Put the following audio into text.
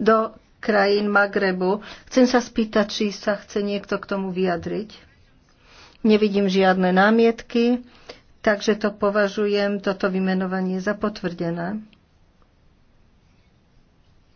do krajín Magrebu. Chcem sa spýtať, či sa chce niekto k tomu vyjadriť. Nevidím žiadne námietky, takže to považujem toto vymenovanie za potvrdené.